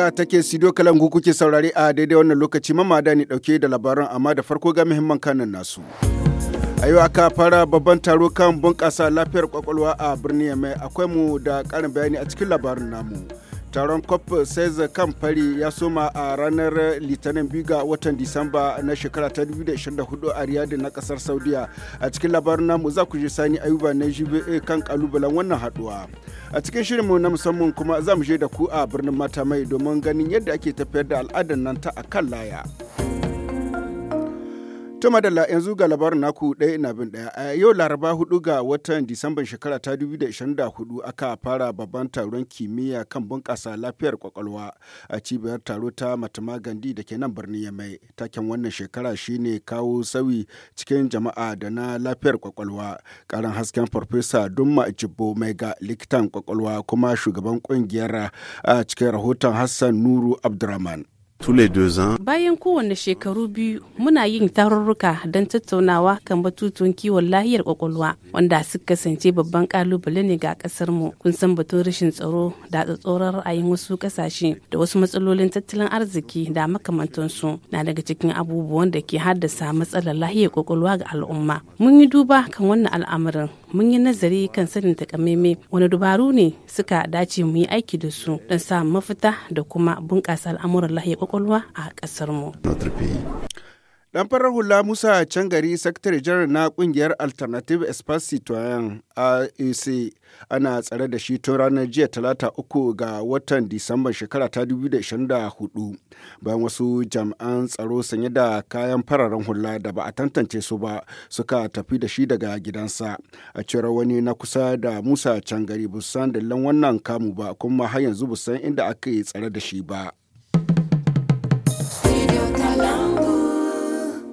haka take studio kalangu kuke saurari a daidai wannan lokaci mamada ne dauke da labaran amma da farko ga muhimman kanan nasu. a yau aka fara babban taro kan bunƙasa lafiyar kwakwalwa a birnin yamai akwai mu da ƙarin bayani a cikin labarin namu taron cop saiz kan fari ya soma a ranar litinin biga watan disamba na shekara ta 2024 a riyadin na kasar saudiya a cikin labarin namu za ku je sani ayuba na gba kan kalubalen wannan haduwa a cikin shirinmu na musamman kuma za mu je da ku a birnin mata mai domin ganin yadda ake tafiyar da al'adar nan ta kan laya. To madalla yanzu ga labarin naku ɗaya ina bin ɗaya. A yau laraba hudu ga watan Disamban shekara ta hudu aka fara babban taron kimiyya kan bunƙasa lafiyar kwakwalwa a cibiyar taro ta Matama Gandi da ke nan birnin Yamai. Taken wannan shekara shine kawo sauyi cikin jama'a da na lafiyar kwakwalwa. Karan hasken Farfesa Dumma Jibbo ga likitan kwakwalwa kuma shugaban ƙungiyar a cikin rahoton Hassan Nuru Abdurrahman. Bayan kowane shekaru biyu muna yin tarurruka don tattaunawa kan batutun kiwon lahiyar kwakwalwa wanda suka kasance babban kalubale ne ga kasar mu kun san batun rashin tsaro da tsatsoron ra'ayin wasu kasashe da wasu matsalolin tattalin arziki da makamantansu na daga cikin abubuwan da ke haddasa matsalar lahiyar kwakwalwa ga al'umma. Mun yi duba kan wannan al'amarin mun yi nazari kan sanin takamaimai wani dubaru ne suka dace mu yi aiki da su don samun mafita da kuma bunƙasa al'amuran lahiyar kwakwalwa a mu. Dan farar hula Musa gari Sakatare Janar na kungiyar Alternative Espace Citoyen AEC ana tsare da shi tun ranar jiya talata uku ga watan disambar shekara ta 2024 bayan wasu jami'an tsaro sanye da kayan fararen hula da ba a tantance su ba suka tafi da shi daga gidansa. A cewar wani na kusa da Musa gari busan dallan wannan kamu ba kuma har yanzu busan inda aka yi tsare da shi ba.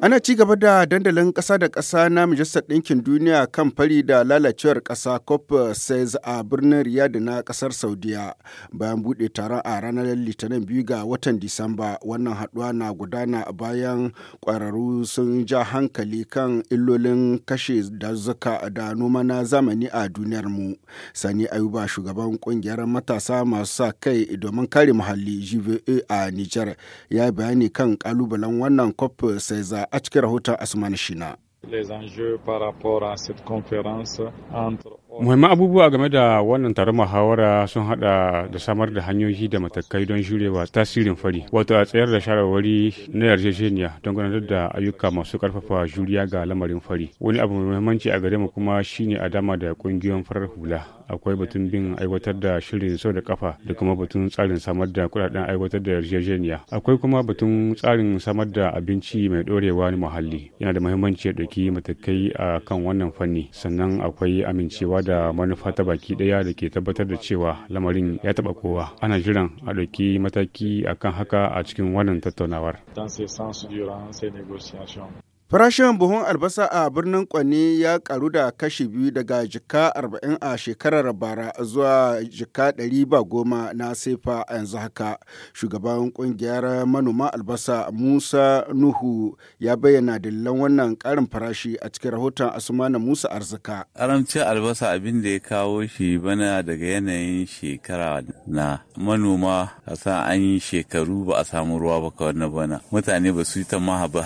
Ana ci gaba da dandalin ƙasa da ƙasa na Majalisar Ɗinkin Duniya kan fari da lalacewar ƙasa COP says a birnin Riyadh na ƙasar Saudiya bayan buɗe taron a ranar Litinin biyu ga watan Disamba wannan haɗuwa na gudana bayan ƙwararru sun ja hankali kan illolin kashe dazuka da noma na zamani a duniyar mu. Sani Ayuba shugaban ƙungiyar matasa masu sa kai domin kare muhalli GVA a Nijar ya bayani kan ƙalubalen wannan COP says a cikin rahoton Asman Shina. Muhimman abubuwa game da wannan taron muhawara sun hada da samar da hanyoyi da matakai don jurewa tasirin fari, wato a tsayar da shawarwari na yarjejeniya don gudanar da ayyuka masu karfafa juriya ga lamarin fari. Wani abu muhimmanci a gare mu kuma shine a dama da kungiyoyin farar hula. akwai batun bin aiwatar da shirin sau da kafa da kuma batun tsarin samar da kudaden aiwatar da yarjejeniya akwai kuma batun tsarin samar da abinci mai dorewa na muhalli yana da muhimmanci ya ɗauki matakai a kan wannan fanni sannan akwai amincewa da manufa ta baki ɗaya da ke tabbatar da cewa lamarin ya taba kowa ana jiran a ɗauki mataki akan haka a cikin wannan tattaunawar. Farashin buhun albasa a birnin Kwani ya karu da kashi biyu daga jika 40 a shekarar bara zuwa jika 110 na sefa yanzu haka. Shugaban kungiyar manoma albasa Musa Nuhu ya bayyana dalilan wannan karin farashi a cikin rahoton Asumana Musa Arzika. Karamcin albasa abin da ya kawo shi bana daga yanayin shekara na manoma a sa an yi shekaru ba a samu ruwa ba kawai na bana. Mutane ba su yi ta maha ba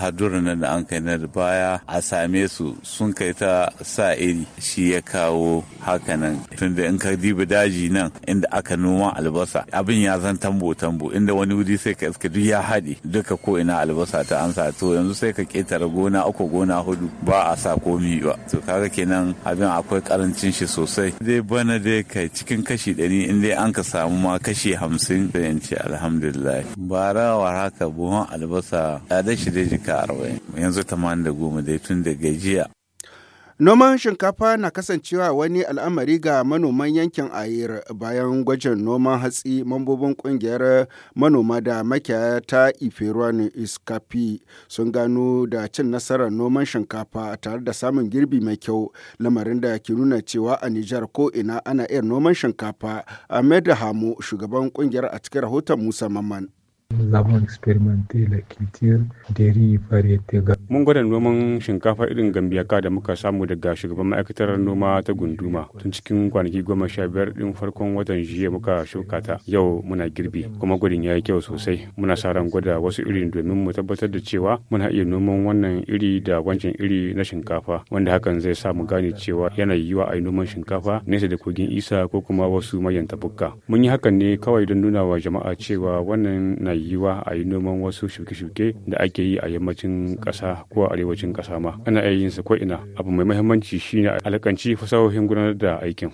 da an kai na ranar baya a same su sun kai ta sa iri shi ya kawo hakanan tunda in ka diba daji nan inda aka noma albasa abin ya zan tambo tambo inda wani wuri sai ka iska ya haɗe duka ko ina albasa ta ansa to yanzu sai ka ƙetare gona uku gona hudu ba a sa komi ba to kaga kenan abin akwai karancin shi sosai dai bana dai kai cikin kashi ɗari in dai an ka samu ma kashi hamsin da yanci alhamdulillah bara war haka buhun albasa ya da shi dai jika arba'in yanzu tamanin tamanin da goma dai tun da gajiya. Noman shinkafa na kasancewa wani al'amari ga manoman yankin Ayir bayan gwajin noman hatsi mambobin kungiyar manoma da makiyaya ta Iferuan Iskafi sun gano da cin nasarar noman shinkafa tare da samun girbi mai kyau lamarin da ke nuna cewa a Nijar ko ina ana iya noman shinkafa. Ahmed Hamu shugaban kungiyar a cikin rahoton Musa Mamman. Nous avons la culture des riz Mun gwada noman shinkafa irin ka da muka samu daga shugaban ma'aikatar noma ta gunduma tun cikin kwanaki goma sha biyar din farkon watan jiya muka shuka ta yau muna girbi kuma gudun ya yi kyau sosai muna sa ran gwada wasu irin domin mu tabbatar da cewa muna iya noman wannan iri da wancan iri na shinkafa wanda hakan zai sa mu gane cewa yana yiwa a yi noman shinkafa nesa da kogin isa ko kuma wasu mayan tabuka mun yi hakan ne kawai don nuna wa jama'a cewa wannan na yiwa a yi noman wasu shuke-shuke da ake yi a yammacin ƙasa ko a arewacin ƙasa ma ana iya yin su ko ina abu mai mahimmanci shine alƙanci fasahohin gudanar da aikin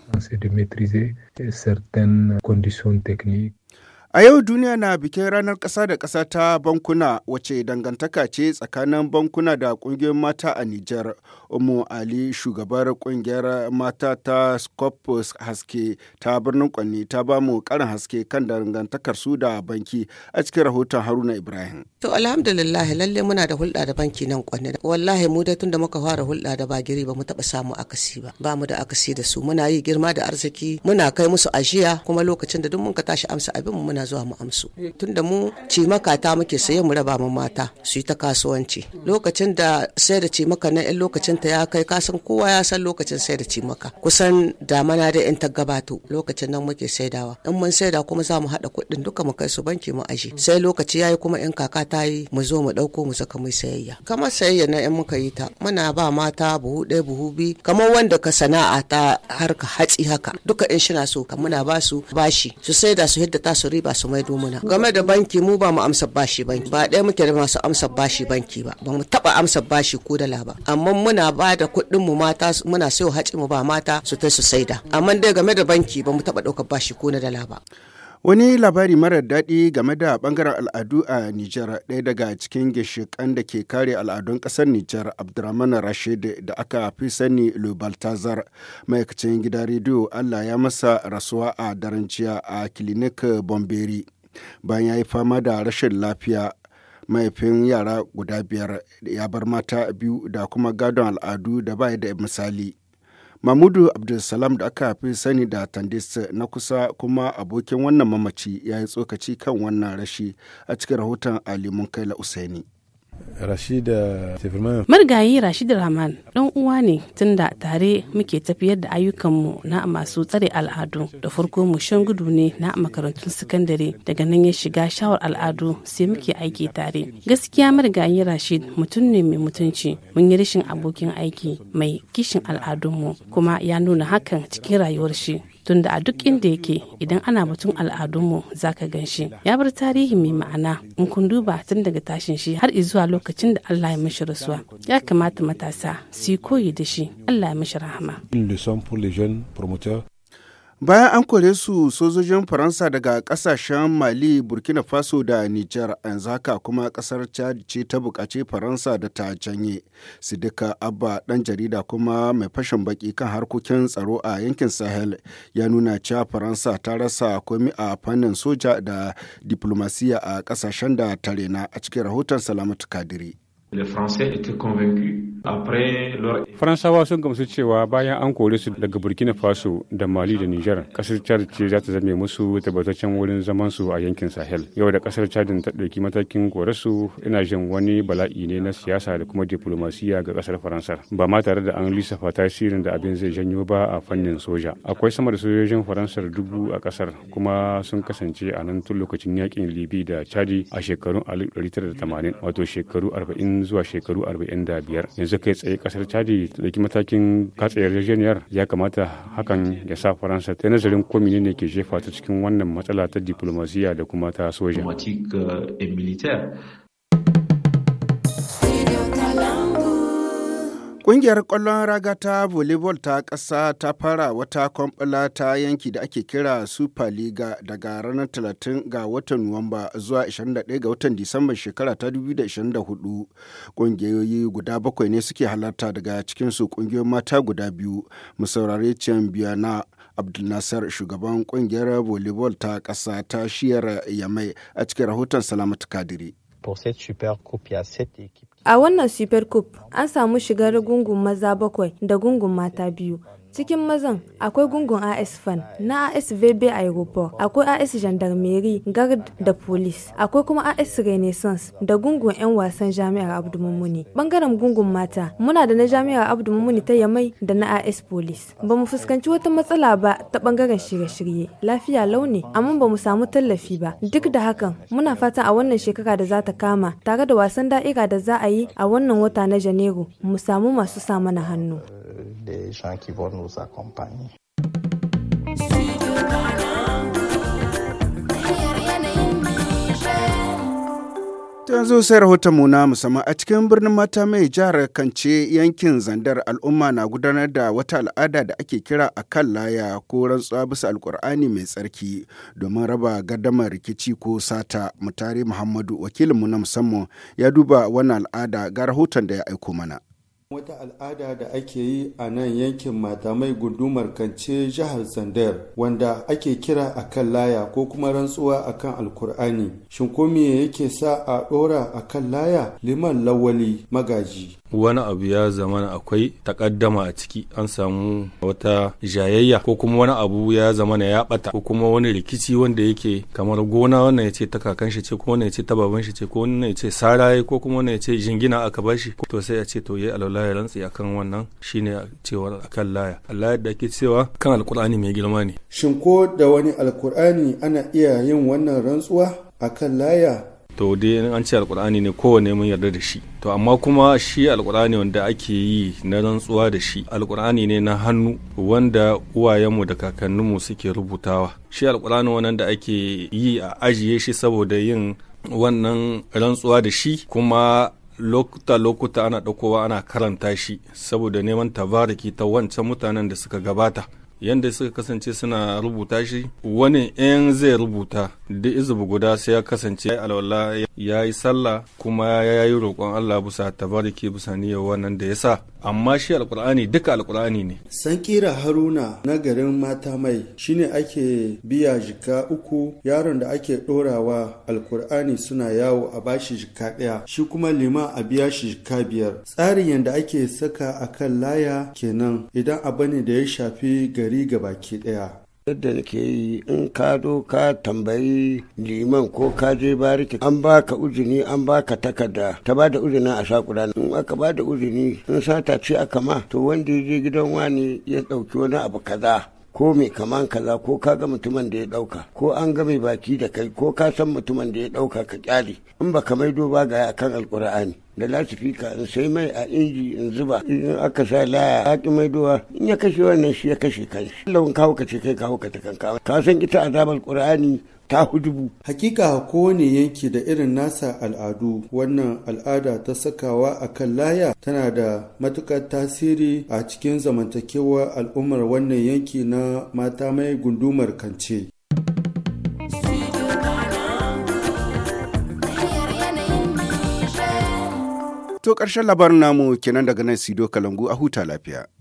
A yau duniya na bikin ranar kasa da kasa ta bankuna wace dangantaka ce tsakanin bankuna da ƙungiyoyin mata a Nijar. Umu Ali shugabar ƙungiyar mata ta Scopus haske ta birnin Kwanne ta ba mu ƙarin haske kan dangantakar su da banki a cikin rahoton Haruna Ibrahim. To alhamdulillah lalle muna da hulɗa da banki nan Kwanne. Wallahi mu dai da muka fara hulɗa da bagiri ba mu taɓa samu akasi ba. Ba mu da akasi da su muna yi girma da arziki muna kai musu ajiya kuma lokacin da duk mun ka tashi amsa abin mu muna muna zuwa mu amsu tunda mu cimaka ta muke saye mu raba mu mata su yi ta kasuwanci lokacin da sai da cimaka na yan lokacin ta ya kai kasan kowa ya san lokacin sai da cimaka kusan da mana da yan ta gabato lokacin nan muke saidawa in mun saida kuma za mu haɗa kuɗin duka mu kai su banki mu aje sai lokaci yayi kuma in kaka ta yi mu zo mu ɗauko mu saka mai sayayya Kama sayayya na yan muka yi ta muna ba mata buhu ɗaya buhu biyu kamar wanda ka sana'a ta harka hatsi haka duka in shi na so muna ba su bashi su saida su yadda ta su riba ba su maido game da banki mu ba mu amsa bashi banki ba ɗaya muke da masu amsa bashi banki ba ba mu taɓa amsa bashi ko da laba amma muna ba da kuɗin mu mata muna sayo haƙi mu ba mata su ta su saida amma dai game da banki ba mu taɓa ɗaukar bashi ko na dala ba Wani labari marar daɗi game da ɓangaren al'adu a Nijar ɗaya daga cikin gishikan da ke kare al'adun ƙasar Nijar Abdurrahman Rashid da aka fi sani Lubaltazar ma'aikacin gidan rediyo Allah ya masa rasuwa a daren jiya a Kilinik Bomberi bayan ya yi fama da rashin lafiya mahaifin yara guda biyar ya bar mata biyu da kuma gadon al'adu da bai da misali. Mamudu Abdulsalam da aka fi sani da Tandis na kusa kuma abokin wannan mamaci ya yi tsokaci kan wannan rashi a cikin rahoton Ali Munkaila Usaini. Rashida Tefirman. Marigayi Rashida Rahman ɗan uwa ne tun da tare muke tafiyar da ayyukanmu na masu tsare al'adu da farko mu shan gudu ne na makarantun sakandare daga nan ya shiga shawar al'adu sai muke aiki tare. Gaskiya marigayi Rashid mutum ne mai mutunci mun yi rashin abokin aiki mai kishin al'adunmu kuma ya nuna hakan cikin rayuwar shi tunda a duk inda yake idan ana batun al'adunmu zaka gan shi ya bar tarihi mai ma'ana in kun duba tun daga tashin shi har zuwa lokacin da Allah ya mishi rasuwa ya kamata matasa su koyi da shi Allah ya mishi rahama Bayan an kore su sojojin Faransa daga kasashen Mali, Burkina Faso da Nijar, yanzu haka kuma kasar Chad ce ta bukaci Faransa da ta janye. Sidika Abba ɗan jarida kuma mai fashin baki kan harkokin tsaro a yankin Sahel ya nuna cewa Faransa ta rasa komi a fannin soja da diplomasiya a kasashen da ta rena a cikin rahoton Salamatu Kadiri. le Français était Faransawa sun gamsu cewa bayan an kori su daga Burkina Faso da Mali da niger kasar Chad ce za ta zame musu tabbataccen wurin zaman su a yankin Sahel. Yau da kasar Chad ta ɗauki matakin kore su ina jin wani bala'i ne na siyasa da kuma diplomasiya ga kasar Faransa. Ba ma tare da an lissafa tasirin da abin zai janyo ba a fannin soja. Akwai sama da sojojin Faransar dubu a kasar kuma sun kasance a nan tun lokacin yakin Libi da Chad a shekarun 1980 wato shekaru 40 zuwa shekaru 45. yanzu kai tsaye kasar chadi ta ke matakin katse yarjejeniyar ya kamata hakan ya sa faransa ta nazarin ko ne ke jefa ta cikin wannan matsala ta diplomasiya da kuma ta soja Ƙungiyar kwallon raga ta volleyball ta ƙasa ta fara wata kwamfula ta yanki da ake kira Super League daga ranar 30 ga watan Nuwamba zuwa 21 ga watan Disamba shekara ta 2024. Ƙungiyoyi guda bakwai ne suke halarta daga cikinsu ƙungiyoyin mata guda biyu, musaurare na Abdulnasar shugaban ƙungiyar volleyball ta ƙasa ta shiyar Yamai a cikin rahoton Salamatu Kadiri. Pour A wannan Super Cup, an samu shigar gungun maza bakwai da gungun mata biyu. Cikin mazan akwai gungun AS Fan na ASVB a akwai AS Gendarmerie, Guard da Police, akwai kuma AS Renaissance da gungun 'yan wasan Jami'ar Abdu Mummuni. Bangaren gungun mata, muna da na Jami'ar Abdu Mummuni ta Yamai da na AS Police. Ba mu fuskanci wata matsala ba ta bangaren shirye-shirye, lafiya launi, amma ba mu samu tallafi ba. Duk da hakan, muna fata a wannan shekara da za ta kama tare da wasan da'ira da za a yi a wannan wata na Janairu, mu samu masu sa mana hannu. des gens qui vont nous accompagner. yanzu sai rahoton mu na musamman a cikin birnin mata mai jihar kance yankin zandar al'umma na gudanar da wata al'ada da ake kira a kan laya ko rantsuwa bisa alkur'ani mai tsarki domin raba gardamar rikici ko sata mutare muhammadu wakilinmu na musamman ya duba wannan al'ada ga rahoton da ya aiko mana Wata al'ada da ake yi a nan yankin mata mai gundumar kance jihar Zandar wanda ake kira a kan laya ko kuma rantsuwa a kan alkur'ani. Shin ko me yake sa a ɗora a kan laya liman lawali magaji? Wani abu ya zama akwai takaddama a ciki an samu wata jayayya ko kuma wani abu ya zama na ya ɓata ko kuma wani rikici wanda yake kamar gona wannan ya ce ta kakan shi ce ko wannan ya ce ta baban shi ce ko wannan ya ce sarayi? ko kuma wannan ya ce jingina aka bashi to sai a ce to yayi alwala ta'ala ya rantsi akan wannan shine cewa akan laya layar da ake cewa kan alkur'ani mai girma ne shin ko da wani alkur'ani ana iya yin wannan rantsuwa akan laya to dai an ce alkur'ani ne kowane mun yarda da shi to amma kuma shi alkur'ani wanda ake yi na rantsuwa da shi alkur'ani ne na hannu wanda uwayenmu da kakanninmu suke rubutawa shi alkur'ani wannan da ake yi a ajiye shi saboda yin wannan rantsuwa da shi kuma lokuta-lokuta ana ɗaukowa ana karanta shi saboda neman tabariki ta wancan mutanen da suka gabata yadda suka kasance suna rubuta shi wani in zai rubuta da izubu guda sai ya kasance ya alwala ya yi sallah kuma ya yi roƙon allah bisa tabariki bisa niyyar wannan da ya sa amma shi alkur'ani duka alkur'ani ne san kira haruna na garin mata mai shine ake biya jika uku yaron da ake ɗorawa alkur'ani suna yawo a bashi jika ɗaya shi kuma lima a biya shi jika biyar tsarin yadda ake saka akan laya kenan idan abu ne da ya shafi gari ga baki ɗaya yadda da ke yi in ka zo ka tambayi liman ko ka je bariki an baka uzini an baka takarda ta ba da uzini a sakura in aka ba da uzini in sata ce aka ma to wanda ya je gidan wani ya ɗauki wani abu kaza ko mai kaman kaza ko ka ga mutumin da ya ɗauka ko an ga mai baki da kai ko ka san mutumin da ya ɗauka ka kyale in ba ka maido ba ga akan alkur'ani da lasifika in sai mai a inji in zuba in aka sa laya haƙi mai duwa in ya kashe wannan shi ya kashe kanshi lawan kawo ka ce kai kawo ka ta kawo ka san ita azabar qur'ani ta hudubu hakika kowane yanki da irin nasa al'adu wannan al'ada ta sakawa a kan laya tana da matukar tasiri a cikin zamantakewar al'ummar wannan yanki na mata mai gundumar kance To ƙarshen labarin namu kenan daga nan Sido Kalangu a huta lafiya.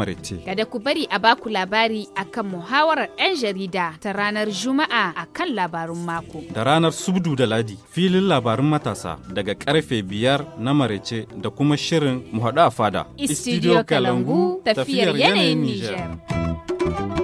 maraice. Kada ku bari a baku labari akan muhawarar 'yan jarida ta ranar Juma'a akan labarun mako. Da ranar Subdu da Ladi filin labarun matasa daga karfe biyar na maraice da kuma shirin mu a fada. Istidiyo Kalangu tafiyar yanayin Nijar.